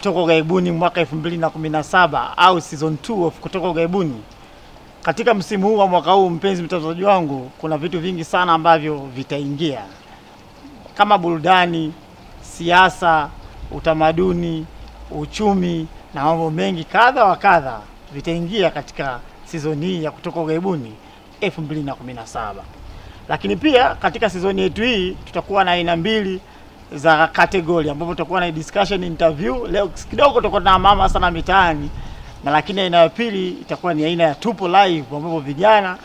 kutoka ughaibuni mwaka 2017 au season 2 of kutoka ughaibuni. Katika msimu huu wa mwaka huu, mpenzi mtazamaji wangu, kuna vitu vingi sana ambavyo vitaingia kama burudani, siasa, utamaduni, uchumi na mambo mengi kadha wa kadha vitaingia katika sizoni hii ya kutoka ughaibuni 2017. Lakini pia katika sizoni yetu hii tutakuwa na aina mbili za kategori ambapo tutakuwa na discussion interview leo kidogo, tutakuwa na mama sana mitaani, na lakini aina ya pili itakuwa ni aina ya tupo live, ambapo vijana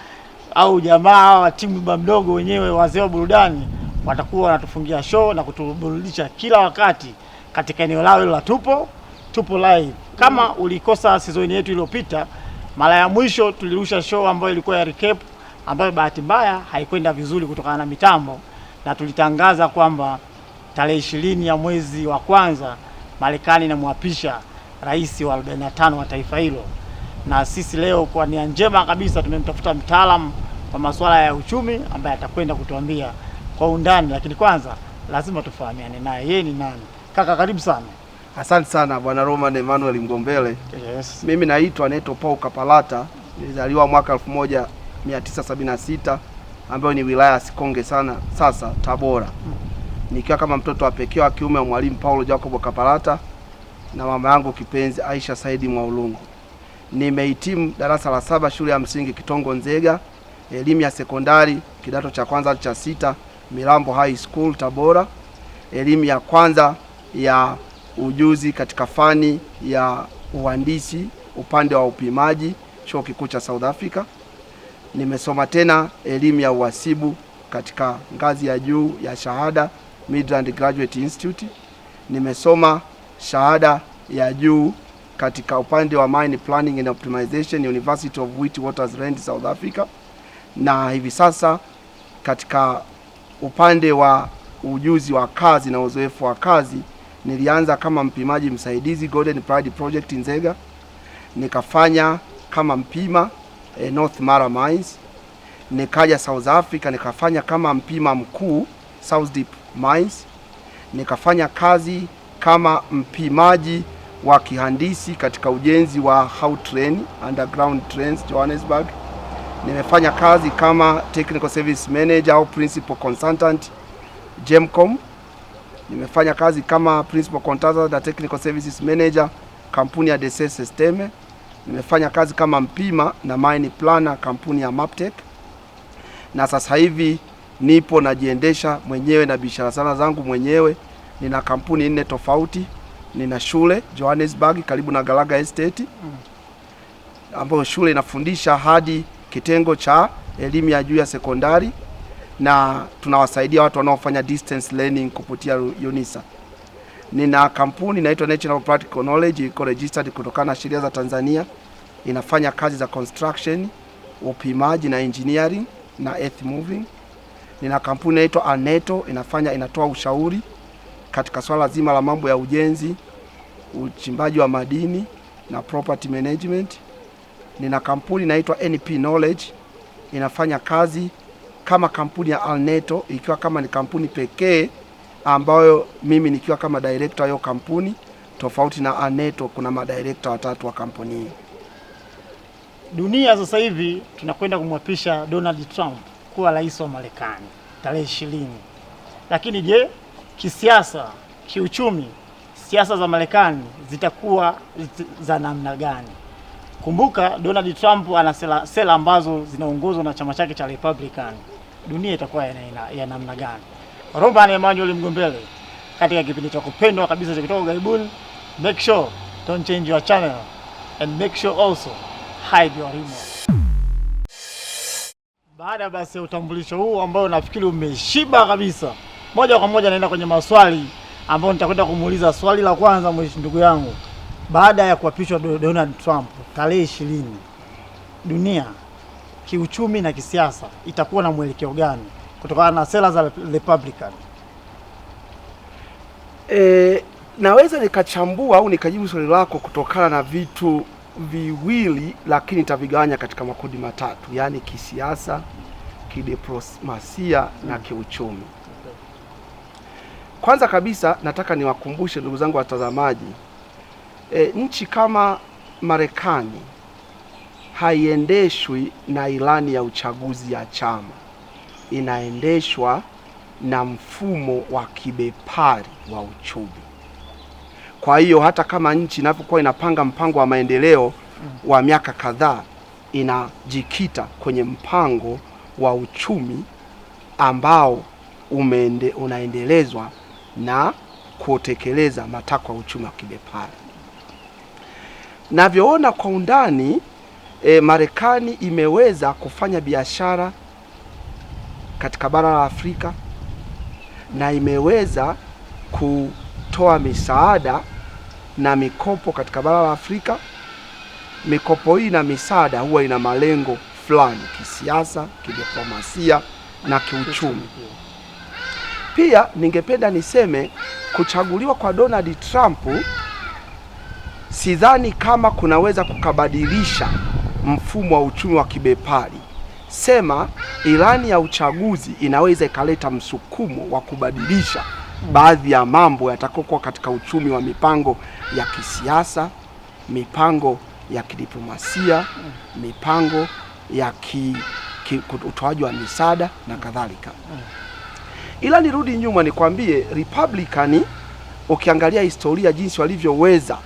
au jamaa wa timu ba mdogo wenyewe wazee wa burudani watakuwa wanatufungia show na kutuburudisha kila wakati katika eneo lao hilo la tupo tupo live. Kama ulikosa season yetu iliyopita, mara ya mwisho tulirusha show ambayo ilikuwa ya recap, ambayo bahati mbaya haikwenda vizuri kutokana na mitambo, na tulitangaza kwamba tarehe ishirini ya mwezi wa kwanza Marekani inamwapisha rais wa 45 wa taifa hilo, na sisi leo kwa nia njema kabisa tumemtafuta mtaalamu wa masuala ya uchumi ambaye atakwenda kutuambia kwa undani, lakini kwanza lazima tufahamiane naye, yeye ni nani? Kaka, karibu sana. Asante sana bwana Roman Emmanuel Mgombele. Yes. Mimi naitwa Neto Paul Kapalata, nilizaliwa mwaka 1976 ambayo ni wilaya ya Sikonge sana sasa Tabora. Mm nikiwa kama mtoto wa pekee wa kiume wa Mwalimu Paulo Jacobo Kapalata na mama yangu kipenzi Aisha Saidi Mwaulungu. Nimehitimu darasa la saba shule ya msingi Kitongo Nzega, elimu ya sekondari kidato cha kwanza cha sita Milambo High School Tabora, elimu ya kwanza ya ujuzi katika fani ya uhandisi upande wa upimaji chuo kikuu cha South Africa. Nimesoma tena elimu ya uhasibu katika ngazi ya juu ya shahada Midland Graduate Institute. Nimesoma shahada ya juu katika upande wa mine planning and optimization, University of Witwatersrand, South Africa, na hivi sasa katika upande wa ujuzi wa kazi na uzoefu wa kazi nilianza kama mpimaji msaidizi Golden Pride Project Nzega, nikafanya kama mpima eh, North Mara Mines, nikaja South Africa nikafanya kama mpima mkuu South Deep Mines, nikafanya kazi kama mpimaji wa kihandisi katika ujenzi wa Gautrain underground trains Johannesburg. Nimefanya kazi kama technical service manager au principal consultant Gemcom. Nimefanya kazi kama principal consultant na technical services manager kampuni ya Dese Systeme. Nimefanya kazi kama mpima na mine planner kampuni ya Maptech na sasa hivi nipo najiendesha mwenyewe na biashara sana zangu mwenyewe. Nina kampuni nne tofauti. Nina shule Johannesburg karibu na Galaga Estate ambayo shule inafundisha hadi kitengo cha elimu ya juu ya sekondari na tunawasaidia watu wanaofanya distance learning kupitia UNISA. Nina kampuni inaitwa National Practical Knowledge, iko registered kutokana na sheria za Tanzania. Inafanya kazi za construction, upimaji na engineering na earth moving. Nina kampuni inaitwa Aneto inafanya inatoa ushauri katika swala zima la mambo ya ujenzi, uchimbaji wa madini na property management. Nina kampuni inaitwa NP Knowledge inafanya kazi kama kampuni ya aneto ikiwa kama ni kampuni pekee ambayo mimi nikiwa kama director wa hiyo kampuni, tofauti na Aneto kuna madirekta watatu wa kampuni hii. Dunia sasa hivi tunakwenda kumwapisha Donald Trump kuwa rais wa Marekani tarehe ishirini. Lakini je, kisiasa, kiuchumi, siasa za Marekani zitakuwa za namna gani? Kumbuka Donald Trump ana sera, sera ambazo zinaongozwa na chama chake cha Republican. Dunia itakuwa ya namna gani? Roman Emmanuel Mgombele katika kipindi cha kupendwa kabisa cha kutoka ugaibuni. Make sure don't change your channel and make sure also hide your remote. Baada basi ya utambulisho huu ambao nafikiri umeshiba kabisa, moja kwa moja naenda kwenye maswali ambayo nitakwenda kumuuliza. Swali la kwanza, ndugu yangu, baada ya kuapishwa Donald Trump tarehe ishirini, dunia kiuchumi na kisiasa itakuwa na mwelekeo gani kutokana na sera za Republican? E, naweza nikachambua au nikajibu swali lako kutokana na vitu viwili, lakini nitavigawanya katika makundi matatu, yaani kisiasa, kidiplomasia na kiuchumi. Kwanza kabisa nataka niwakumbushe ndugu zangu watazamaji, e, nchi kama Marekani haiendeshwi na ilani ya uchaguzi ya chama, inaendeshwa na mfumo wa kibepari wa uchumi. Kwa hiyo hata kama nchi inapokuwa inapanga mpango wa maendeleo wa miaka kadhaa inajikita kwenye mpango wa uchumi ambao umeende, unaendelezwa na kutekeleza matakwa ya uchumi wa kibepari. Navyoona kwa undani e, Marekani imeweza kufanya biashara katika bara la Afrika na imeweza kutoa misaada na mikopo katika bara la Afrika. Mikopo hii na misaada huwa ina malengo fulani kisiasa, kidiplomasia na kiuchumi. Pia ningependa niseme kuchaguliwa kwa Donald Trump sidhani kama kunaweza kukabadilisha mfumo wa uchumi wa kibepari. Sema ilani ya uchaguzi inaweza ikaleta msukumo wa kubadilisha baadhi ya mambo yatakokuwa katika uchumi wa mipango ya kisiasa, mipango ya kidiplomasia, mipango ya ki, ki, utoaji wa misaada na kadhalika. Ila nirudi nyuma nikwambie, Republican ukiangalia historia jinsi walivyoweza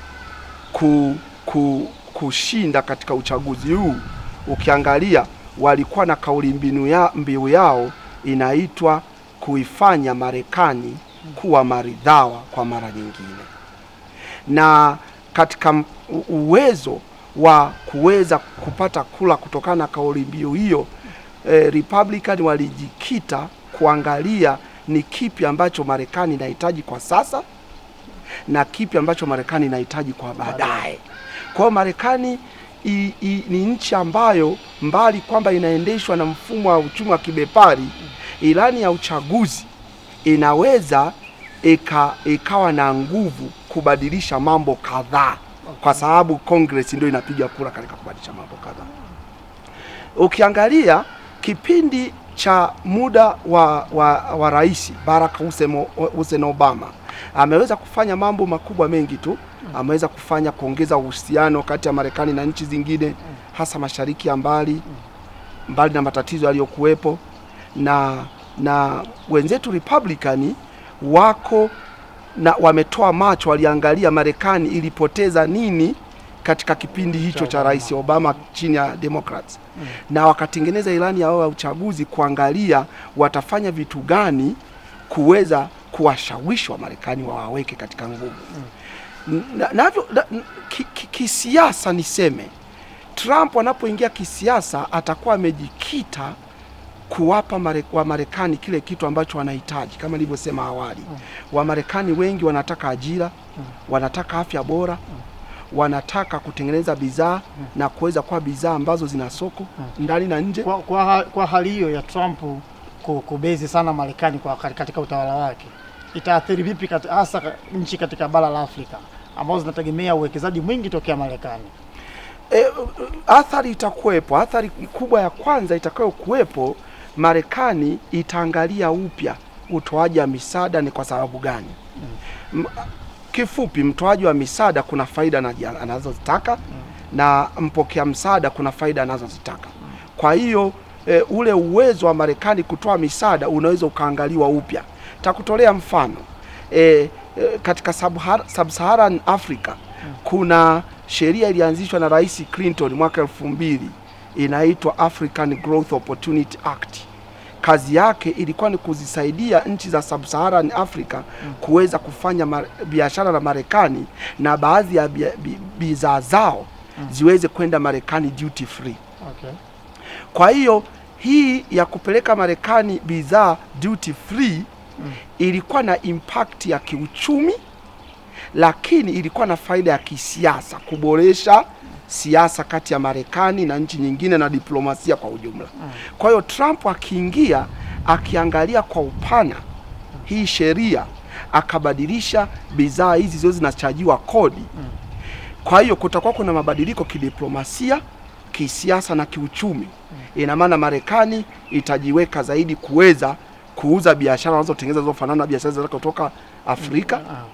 ku, ku, kushinda katika uchaguzi huu, ukiangalia walikuwa na kauli mbinu ya, mbiu yao inaitwa kuifanya Marekani kuwa maridhawa kwa mara nyingine, na katika uwezo wa kuweza kupata kula kutokana na kauli mbiu hiyo eh, Republican walijikita kuangalia ni kipi ambacho Marekani inahitaji kwa sasa na kipi ambacho Marekani inahitaji kwa baadaye. Kwa hiyo Marekani I, i, ni nchi ambayo mbali kwamba inaendeshwa na mfumo wa uchumi wa kibepari, ilani ya uchaguzi inaweza ika, ikawa na nguvu kubadilisha mambo kadhaa, kwa sababu Congress ndio inapiga kura katika kubadilisha mambo kadhaa. Ukiangalia kipindi cha muda wa, wa, wa rais Barack Hussein Obama ameweza kufanya mambo makubwa mengi tu. Ameweza kufanya kuongeza uhusiano kati ya Marekani na nchi zingine, hasa mashariki ya mbali, mbali na matatizo yaliyokuwepo na na wenzetu Republican wako na wametoa macho, waliangalia Marekani ilipoteza nini katika kipindi hicho cha Rais Obama chini ya Democrats mm. na wakatengeneza ilani yao ya uchaguzi kuangalia watafanya vitu gani kuweza kuwashawishi Wamarekani wawaweke katika nguvu mm. navyo na, na, kisiasa ki, ki niseme Trump anapoingia kisiasa atakuwa amejikita kuwapa mare, Wamarekani kile kitu ambacho wanahitaji. Kama nilivyosema awali, Wamarekani wengi wanataka ajira, wanataka afya bora, wanataka kutengeneza bidhaa na kuweza kuwa bidhaa ambazo zina soko ndani na nje. Kwa, kwa, kwa hali hiyo ya Trump kubezi sana Marekani kwa katika utawala wake itaathiri vipi hasa nchi katika bara la Afrika ambazo zinategemea uwekezaji mwingi tokea Marekani? E, athari itakuwepo. Athari kubwa ya kwanza itakayokuwepo Marekani itaangalia upya utoaji wa misaada ni kwa sababu gani? mm. Kifupi, mtoaji wa misaada kuna faida anazozitaka mm. na mpokea msaada kuna faida anazozitaka mm. Kwa hiyo e, ule uwezo wa Marekani kutoa misaada unaweza ukaangaliwa upya. Takutolea mfano e, e, katika Sub-Saharan Africa mm. kuna sheria ilianzishwa na Rais Clinton mwaka elfu mbili inaitwa African Growth Opportunity Act kazi yake ilikuwa ni kuzisaidia nchi za Sub-Saharan Africa mm. kuweza kufanya biashara na Marekani na baadhi ya bidhaa zao mm. ziweze kwenda Marekani duty free. Okay. Kwa hiyo hii ya kupeleka Marekani bidhaa duty free mm. ilikuwa na impact ya kiuchumi, lakini ilikuwa na faida ya kisiasa kuboresha siasa kati ya Marekani na nchi nyingine na diplomasia kwa ujumla. Kwa hiyo Trump akiingia akiangalia kwa upana hii sheria akabadilisha bidhaa hizi zote zinachajiwa kodi. Kwa hiyo kutakuwa kuna mabadiliko kidiplomasia, kisiasa na kiuchumi. Ina maana Marekani itajiweka zaidi kuweza kuuza biashara wanazotengeneza zinazofanana na biashara zinazotoka Afrika mm, mm, mm.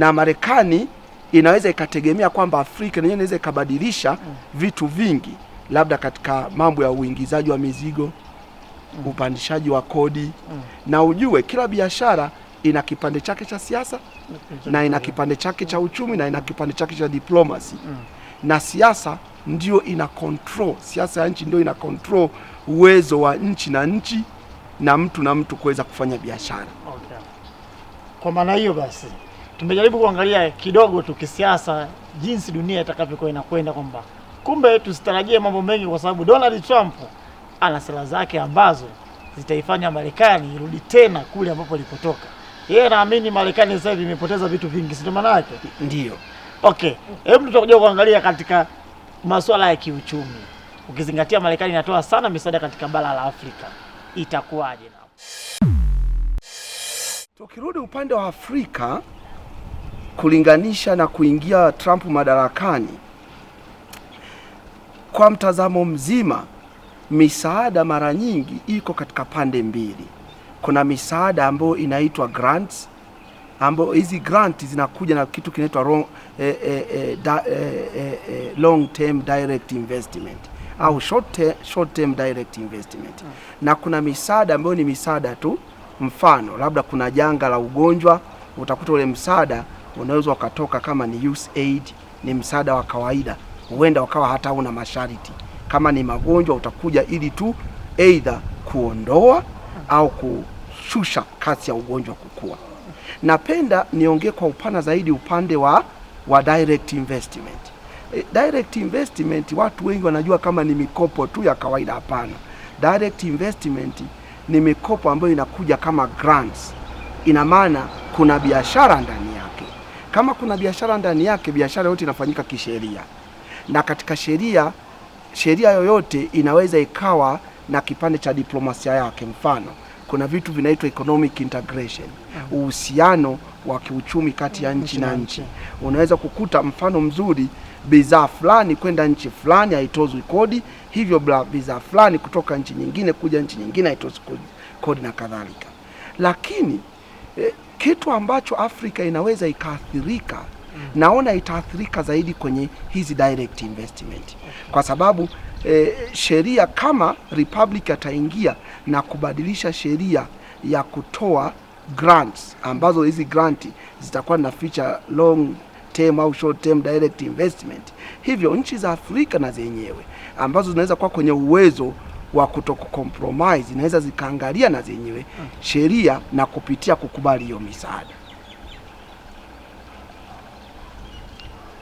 na Marekani inaweza ikategemea kwamba Afrika yenyewe inaweza ikabadilisha mm. vitu vingi, labda katika mambo ya uingizaji wa mizigo mm. upandishaji wa kodi mm. na ujue kila biashara ina kipande chake cha siasa mm. na ina kipande chake cha uchumi mm. na ina kipande chake cha diplomasi mm. na siasa ndio ina control, siasa ya nchi ndio ina control uwezo wa nchi na nchi na mtu na mtu kuweza kufanya biashara okay. Kwa maana hiyo basi tumejaribu kuangalia kidogo tu kisiasa, jinsi dunia itakavyokuwa inakwenda, kwamba kumbe tusitarajie mambo mengi, kwa sababu Donald Trump ana sera zake ambazo zitaifanya Marekani irudi tena kule ambapo ilipotoka yeye. Naamini Marekani sasa hivi imepoteza vitu vingi, sio Maana yake ndio. Okay, hebu tutakuja kuangalia katika masuala ya kiuchumi, ukizingatia Marekani inatoa sana misaada katika bara la Afrika, itakuwaje? Na tukirudi upande wa Afrika kulinganisha na kuingia Trump madarakani, kwa mtazamo mzima, misaada mara nyingi iko katika pande mbili. Kuna misaada ambayo inaitwa grants, ambayo hizi grant zinakuja na kitu kinaitwa eh, eh eh, eh, eh, eh, long term direct investment au short term, short term direct investment hmm. Na kuna misaada ambayo ni misaada tu, mfano labda kuna janga la ugonjwa, utakuta ule msaada unaweza ukatoka kama ni USAID, ni msaada wa kawaida, huenda ukawa hata una masharti. Kama ni magonjwa, utakuja ili tu aidha kuondoa au kushusha kasi ya ugonjwa kukua. Napenda niongee kwa upana zaidi upande wa, wa direct investment. E, direct investment watu wengi wanajua kama ni mikopo tu ya kawaida. Hapana, direct investment ni mikopo ambayo inakuja kama grants. Ina maana kuna biashara ndani kama kuna biashara ndani yake, biashara yote inafanyika kisheria, na katika sheria, sheria yoyote inaweza ikawa na kipande cha diplomasia yake. Mfano, kuna vitu vinaitwa economic integration, uhusiano wa kiuchumi kati ya nchi na nchi. Unaweza kukuta mfano mzuri, bidhaa fulani kwenda nchi fulani haitozwi kodi, hivyo bidhaa fulani kutoka nchi nyingine kuja nchi nyingine haitozwi kodi, na kadhalika, lakini eh, kitu ambacho Afrika inaweza ikaathirika mm. Naona itaathirika zaidi kwenye hizi direct investment kwa sababu e, sheria kama Republic ataingia na kubadilisha sheria ya kutoa grants ambazo hizi grant zitakuwa na feature long term au short term direct investment, hivyo nchi za Afrika na zenyewe ambazo zinaweza kuwa kwenye uwezo wa kutokukompromise inaweza zikaangalia na zenyewe sheria na kupitia kukubali hiyo misaada.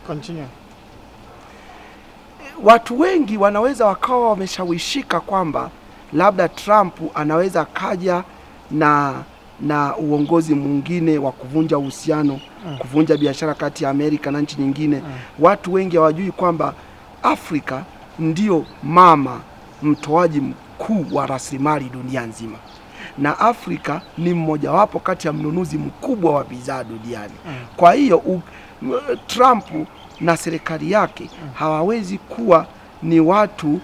Continue. Watu wengi wanaweza wakawa wameshawishika kwamba labda Trump anaweza akaja na na uongozi mwingine wa kuvunja uhusiano mm. kuvunja biashara kati ya Amerika na nchi nyingine mm. Watu wengi hawajui kwamba Afrika ndio mama mtoaji mkuu wa rasilimali dunia nzima na Afrika ni mmojawapo kati ya mnunuzi mkubwa wa bidhaa duniani. Mm. Kwa hiyo Trump na serikali yake mm. hawawezi kuwa ni watu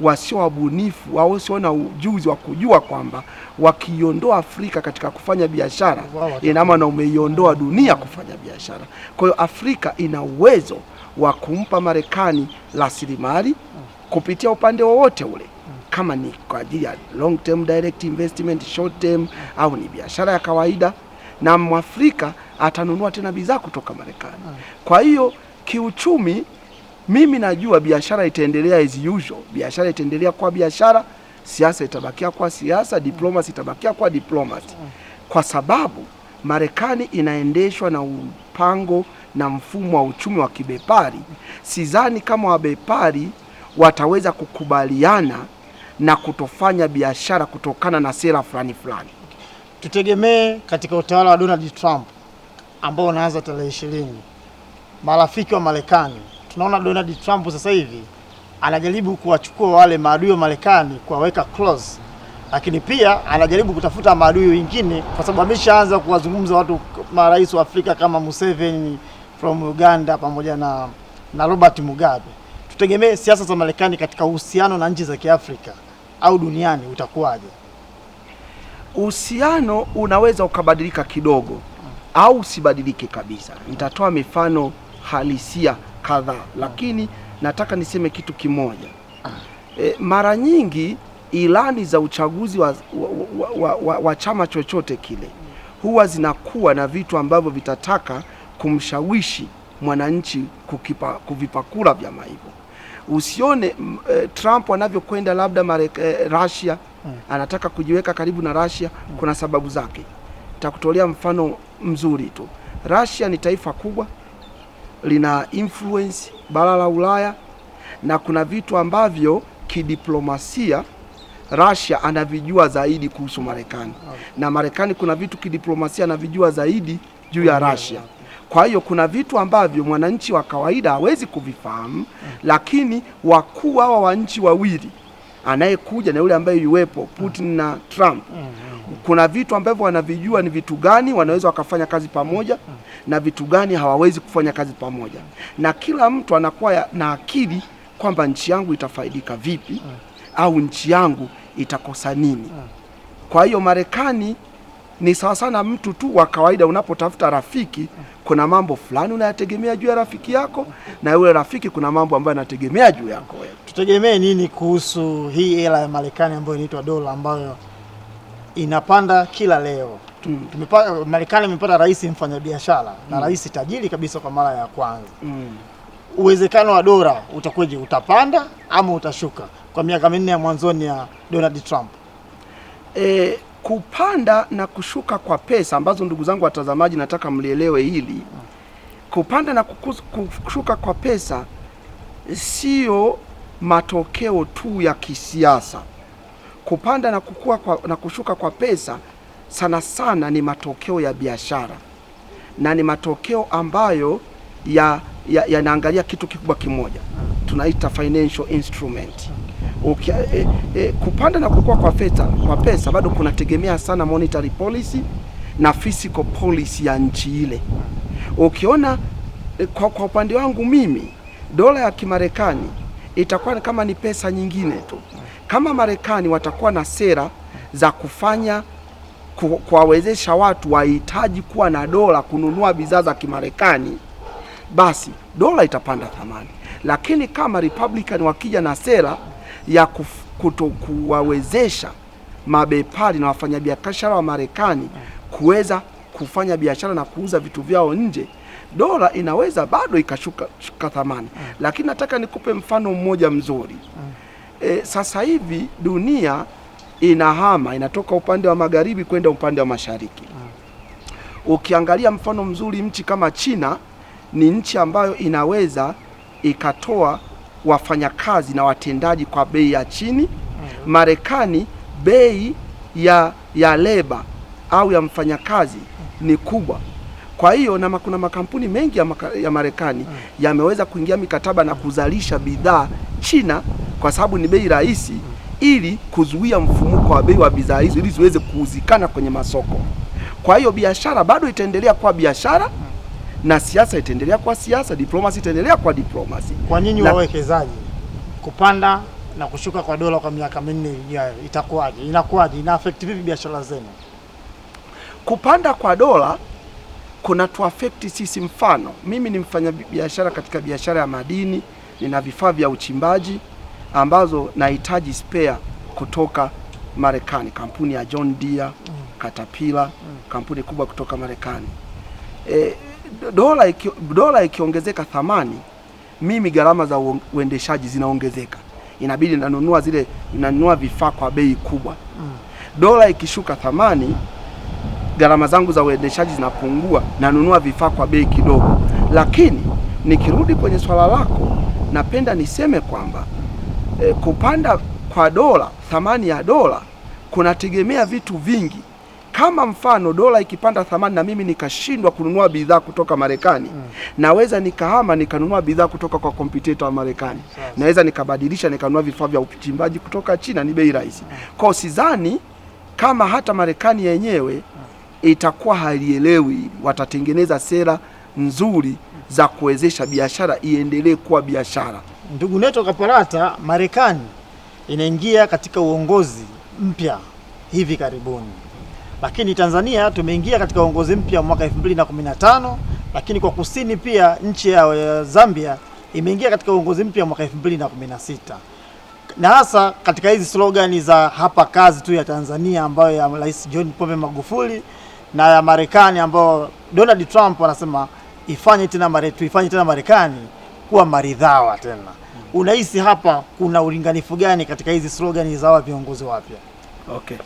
wasio wabunifu au wasio na ujuzi wa kujua kwamba wakiiondoa Afrika katika kufanya biashara, ina maana umeiondoa dunia kufanya biashara. Kwa hiyo Afrika ina uwezo wa kumpa Marekani rasilimali mm kupitia upande wowote ule, kama ni kwa ajili ya long term direct investment, short term au ni biashara ya kawaida, na Mwafrika atanunua tena bidhaa kutoka Marekani. Kwa hiyo kiuchumi, mimi najua biashara itaendelea as usual, biashara itaendelea kwa biashara, siasa itabakia kwa siasa, diplomasi itabakia kwa diplomasi, kwa sababu Marekani inaendeshwa na upango na mfumo wa uchumi wa kibepari. Sidhani kama wabepari wataweza kukubaliana na kutofanya biashara kutokana na sera fulani fulani. Tutegemee katika utawala wa Donald Trump ambao unaanza tarehe ishirini, marafiki wa Marekani, tunaona Donald Trump sasa hivi anajaribu kuwachukua wale maadui wa Marekani kuwaweka close, lakini pia anajaribu kutafuta maadui wengine, kwa sababu ameshaanza kuwazungumza watu marais wa Afrika kama Museveni from Uganda pamoja na, na Robert Mugabe tutegemee siasa za Marekani katika uhusiano na nchi za Kiafrika au duniani utakuwaje? Uhusiano unaweza ukabadilika kidogo au usibadilike kabisa. Nitatoa mifano halisia kadhaa, lakini nataka niseme kitu kimoja. E, mara nyingi ilani za uchaguzi wa, wa, wa, wa, wa chama chochote kile huwa zinakuwa na vitu ambavyo vitataka kumshawishi mwananchi kukipa, kuvipa kura vyama hivyo usione eh, Trump anavyokwenda labda marek, eh, Russia hmm. anataka kujiweka karibu na Russia hmm. kuna sababu zake. Nitakutolea mfano mzuri tu. Russia ni taifa kubwa, lina influence bara la Ulaya na kuna vitu ambavyo kidiplomasia Russia anavijua zaidi kuhusu Marekani okay. Hmm. na Marekani kuna vitu kidiplomasia anavijua zaidi juu ya hmm. Russia. Hmm. Kwa hiyo kuna vitu ambavyo mwananchi wa kawaida hawezi kuvifahamu mm. Lakini wakuu hawa wa nchi wawili, anayekuja na yule ambaye yuwepo, Putin mm. na Trump mm. kuna vitu ambavyo wanavijua ni vitu gani wanaweza wakafanya kazi pamoja mm. na vitu gani hawawezi kufanya kazi pamoja, na kila mtu anakuwa na akili kwamba nchi yangu itafaidika vipi mm. au nchi yangu itakosa nini mm. Kwa hiyo Marekani ni sawa sana mtu tu wa kawaida. Unapotafuta rafiki, kuna mambo fulani unayategemea juu ya rafiki yako, na yule rafiki kuna mambo ambayo anategemea juu yako. Tutegemee nini kuhusu hii hela ya Marekani ambayo inaitwa dola ambayo inapanda kila leo? Mm. Marekani imepata rais mfanyabiashara mm. na rais tajiri kabisa kwa mara ya kwanza mm. Uwezekano wa dola utakuwaje? Utapanda ama utashuka kwa miaka minne ya mwanzoni ya Donald Trump? E, kupanda na kushuka kwa pesa ambazo, ndugu zangu watazamaji, nataka mlielewe hili. Kupanda na kushuka kwa pesa sio matokeo tu ya kisiasa. Kupanda na kukua kwa, na kushuka kwa pesa sana sana ni matokeo ya biashara na ni matokeo ambayo yanaangalia ya, ya kitu kikubwa kimoja tunaita financial instrument ukia, e, e, kupanda na kukua kwa fedha kwa pesa bado kunategemea sana monetary policy na fiscal policy ya nchi ile. Ukiona e, kwa, kwa upande wangu mimi dola ya Kimarekani itakuwa kama ni pesa nyingine tu. Kama Marekani watakuwa na sera za kufanya kuwawezesha watu wahitaji kuwa na dola kununua bidhaa za Kimarekani, basi dola itapanda thamani, lakini kama Republican wakija na sera ya kutokuwawezesha mabepari na wafanyabiashara wa Marekani kuweza kufanya biashara na kuuza vitu vyao nje, dola inaweza bado ikashuka shuka thamani mm. Lakini nataka nikupe mfano mmoja mzuri mm. E, sasa hivi dunia inahama inatoka upande wa magharibi kwenda upande wa mashariki mm. Ukiangalia mfano mzuri, nchi kama China ni nchi ambayo inaweza ikatoa wafanyakazi na watendaji kwa bei ya chini. Marekani bei ya, ya leba au ya mfanyakazi ni kubwa. Kwa hiyo na kuna makampuni mengi ya, maka, ya Marekani yameweza kuingia mikataba na kuzalisha bidhaa China kwa sababu ni bei rahisi, ili kuzuia mfumuko wa bei wa bidhaa hizo ili ziweze kuuzikana kwenye masoko. Kwa hiyo biashara bado itaendelea kuwa biashara na siasa itaendelea kwa siasa, diplomasi itaendelea kwa diplomasi. Kwa nyinyi wawekezaji, kupanda na kushuka kwa dola kwa miaka minne ijayo itakuwaje? Inakuwaje? ina affect vipi biashara zenu? Kupanda kwa dola kuna affect sisi. Mfano, mimi ni biashara katika biashara ya madini, nina vifaa vya uchimbaji ambazo nahitaji spare kutoka Marekani, kampuni ya John Deere, mm. Caterpillar, mm. kampuni kubwa kutoka Marekani e, dola iki, dola ikiongezeka thamani, mimi gharama za uendeshaji zinaongezeka, inabidi nanunua zile nanunua vifaa kwa bei kubwa. Mm. Dola ikishuka thamani, gharama zangu za uendeshaji zinapungua, nanunua vifaa kwa bei kidogo. Lakini nikirudi kwenye swala lako, napenda niseme kwamba eh, kupanda kwa dola, thamani ya dola kunategemea vitu vingi kama mfano dola ikipanda thamani na mimi nikashindwa kununua bidhaa kutoka Marekani mm. naweza nikahama nikanunua bidhaa kutoka kwa kompetitor wa Marekani yes. naweza nikabadilisha nikanunua vifaa vya uchimbaji kutoka China, ni bei rahisi mm. kwa sidhani kama hata Marekani yenyewe mm. itakuwa halielewi, watatengeneza sera nzuri za kuwezesha biashara iendelee kuwa biashara. Ndugu Neto Kaparata, Marekani inaingia katika uongozi mpya hivi karibuni lakini Tanzania tumeingia katika uongozi mpya mwaka 2015 lakini kwa kusini pia nchi ya Zambia imeingia katika uongozi mpya mwaka 2016 na hasa katika hizi slogani za hapa kazi tu ya Tanzania ambayo ya Rais John Pombe Magufuli na ya Marekani ambayo Donald Trump wanasema ifanye tena mare, tuifanye tena Marekani kuwa maridhawa tena. Unahisi hapa kuna ulinganifu gani katika hizi slogani za wa viongozi wapya? Okay.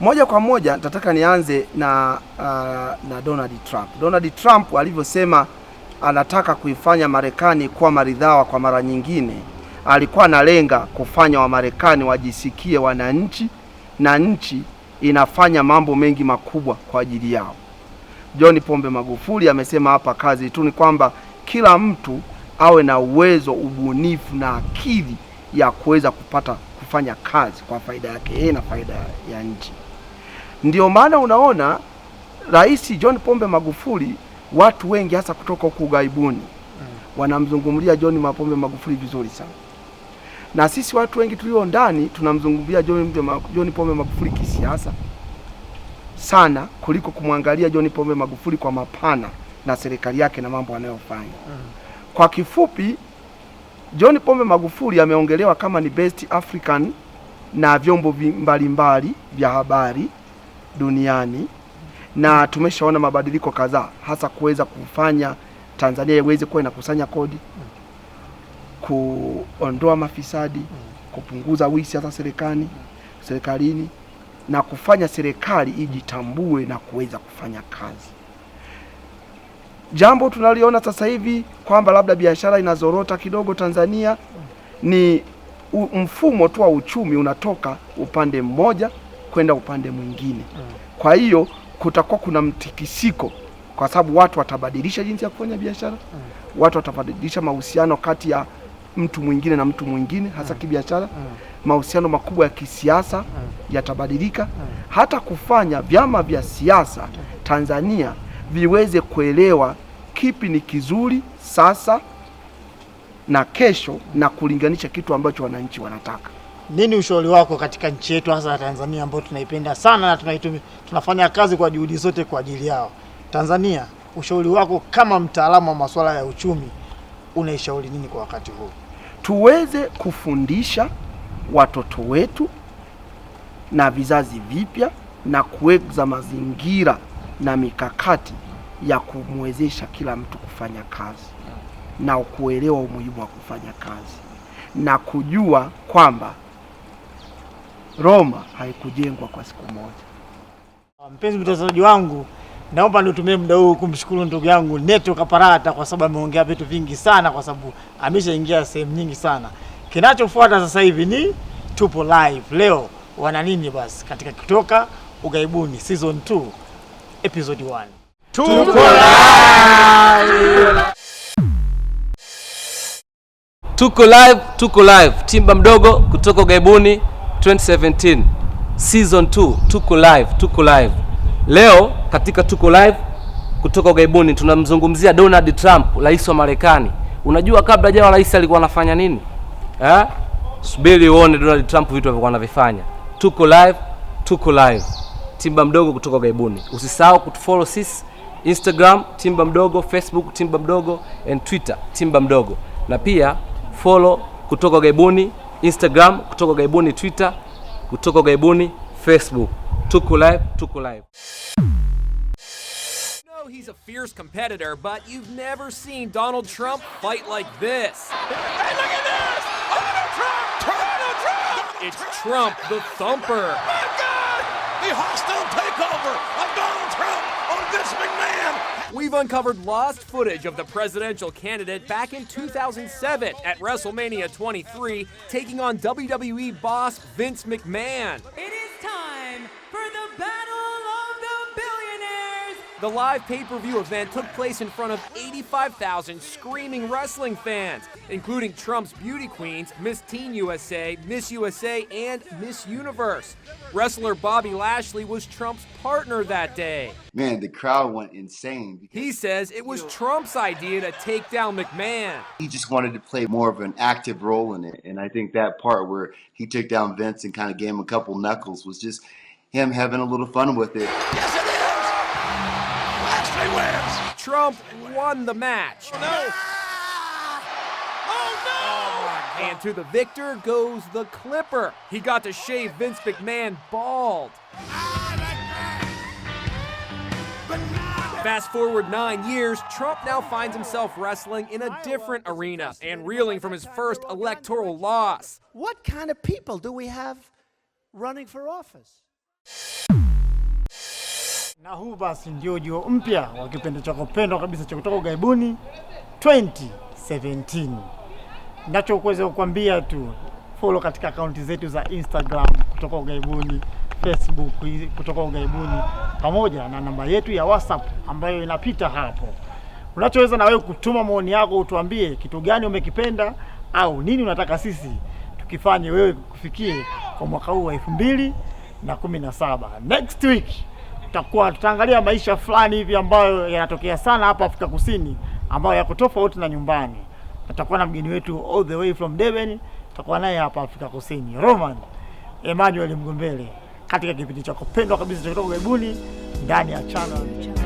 Moja kwa moja nitataka nianze na, uh, na Donald Trump. Donald Trump alivyosema anataka kuifanya Marekani kuwa maridhawa kwa mara nyingine, alikuwa analenga kufanya Wamarekani wajisikie wananchi na nchi inafanya mambo mengi makubwa kwa ajili yao. John Pombe Magufuli amesema hapa, kazi tu ni kwamba kila mtu awe na uwezo, ubunifu na akili ya kuweza kupata kufanya kazi kwa faida yake yeye na faida ya nchi. Ndio maana unaona Rais John Pombe Magufuli, watu wengi hasa kutoka huku ughaibuni mm. wanamzungumlia John Pombe Magufuli vizuri sana, na sisi watu wengi tulio ndani tunamzungumlia John, John Pombe Magufuli kisiasa sana kuliko kumwangalia John Pombe Magufuli kwa mapana na serikali yake na mambo anayofanya mm. Kwa kifupi, John Pombe Magufuli ameongelewa kama ni best African na vyombo mbalimbali vya habari duniani na tumeshaona mabadiliko kadhaa, hasa kuweza kufanya Tanzania iweze kuwa inakusanya kodi, kuondoa mafisadi, kupunguza wizi hata serikali serikalini na kufanya serikali ijitambue na kuweza kufanya kazi. Jambo tunaliona sasa hivi kwamba labda biashara inazorota kidogo Tanzania, ni mfumo tu wa uchumi unatoka upande mmoja kwenda upande mwingine. Mm. Kwa hiyo kutakuwa kuna mtikisiko, kwa sababu watu watabadilisha jinsi ya kufanya biashara, mm. watu watabadilisha mahusiano kati ya mtu mwingine na mtu mwingine, hasa mm. kibiashara. Mahusiano makubwa ya kisiasa yatabadilika, hata kufanya vyama vya siasa Tanzania viweze kuelewa kipi ni kizuri sasa na kesho na kulinganisha kitu ambacho wananchi wanataka nini ushauri wako katika nchi yetu hasa ya Tanzania ambayo tunaipenda sana na tunaitumia, tunafanya kazi kwa juhudi zote kwa ajili yao? Tanzania, ushauri wako kama mtaalamu wa masuala ya uchumi, unaishauri nini kwa wakati huu? Tuweze kufundisha watoto wetu na vizazi vipya na kuweza mazingira na mikakati ya kumwezesha kila mtu kufanya kazi na kuelewa umuhimu wa kufanya kazi na kujua kwamba Roma haikujengwa kwa siku moja. Mpenzi mtazamaji wangu, naomba nitumie muda huu kumshukuru ndugu yangu Neto Kaparata kwa sababu ameongea vitu vingi sana, kwa sababu ameshaingia sehemu nyingi sana. Kinachofuata sasa hivi ni tupo live leo, wana nini basi katika kutoka ugaibuni season 2 episode 1 tupo live. Tuko live, tuko live, Timba mdogo kutoka ugaibuni 2017 season 2 tuko live, tuko live leo katika tuko live kutoka ugaibuni. Tunamzungumzia Donald Trump, rais wa Marekani. Unajua kabla jawa rais alikuwa anafanya nini eh? Subiri uone Donald Trump vitu alivyokuwa anavifanya. Tuko live, tuko live. Timba mdogo kutoka ugaibuni, usisahau kutufollow sisi Instagram Timba Mdogo, Facebook Timba Mdogo and Twitter Timba Mdogo, na pia follow kutoka ugaibuni. Instagram, kutoka ughaibuni Twitter, kutoka ughaibuni Facebook. Tuko live, tuko live. He's a fierce competitor, but you've never seen Donald Trump fight like this. Hey, look at this! Donald Trump! Donald Trump! It's Trump the Thumper. Oh my God! The hostile takeover of Donald Trump on Vince McMahon We've uncovered lost footage of the presidential candidate back in 2007 at WrestleMania 23, taking on WWE boss Vince McMahon. The live pay per view event took place in front of 85,000 screaming wrestling fans, including Trump's beauty queens, Miss Teen USA, Miss USA, and Miss Universe. Wrestler Bobby Lashley was Trump's partner that day. Man, the crowd went insane. He says it was Trump's idea to take down McMahon. He just wanted to play more of an active role in it. And I think that part where he took down Vince and kind of gave him a couple knuckles was just him having a little fun with it. Yes, he wins. Trump won the match. Oh, no. Oh, and ah! oh, to the victor goes the Clipper. He got to shave Vince McMahon bald. Fast forward nine years, Trump now finds himself wrestling in a different arena and reeling from his first electoral loss. What kind of people do we have running for office? Na huu basi ndio ujio mpya wa kipindi chako pendwa kabisa cha kutoka ugaibuni 2017. kuweza kukwambia tu follow katika akaunti zetu za Instagram kutoka ugaibuni, Facebook kutoka ugaibuni, pamoja na namba yetu ya WhatsApp ambayo inapita hapo. Unachoweza na wewe kutuma maoni yako, utuambie kitu gani umekipenda au nini unataka sisi tukifanye wewe kufikie kwa mwaka huu wa 2017 Next week tutakuwa tutaangalia maisha fulani hivi ambayo yanatokea sana hapa Afrika Kusini ambayo yako tofauti na nyumbani. Tutakuwa na mgeni wetu all the way from Durban, tutakuwa naye hapa Afrika Kusini, Roman Emmanuel Mgombele, katika kipindi chako pendwa kabisa kutoka ughaibuni ndani ya channel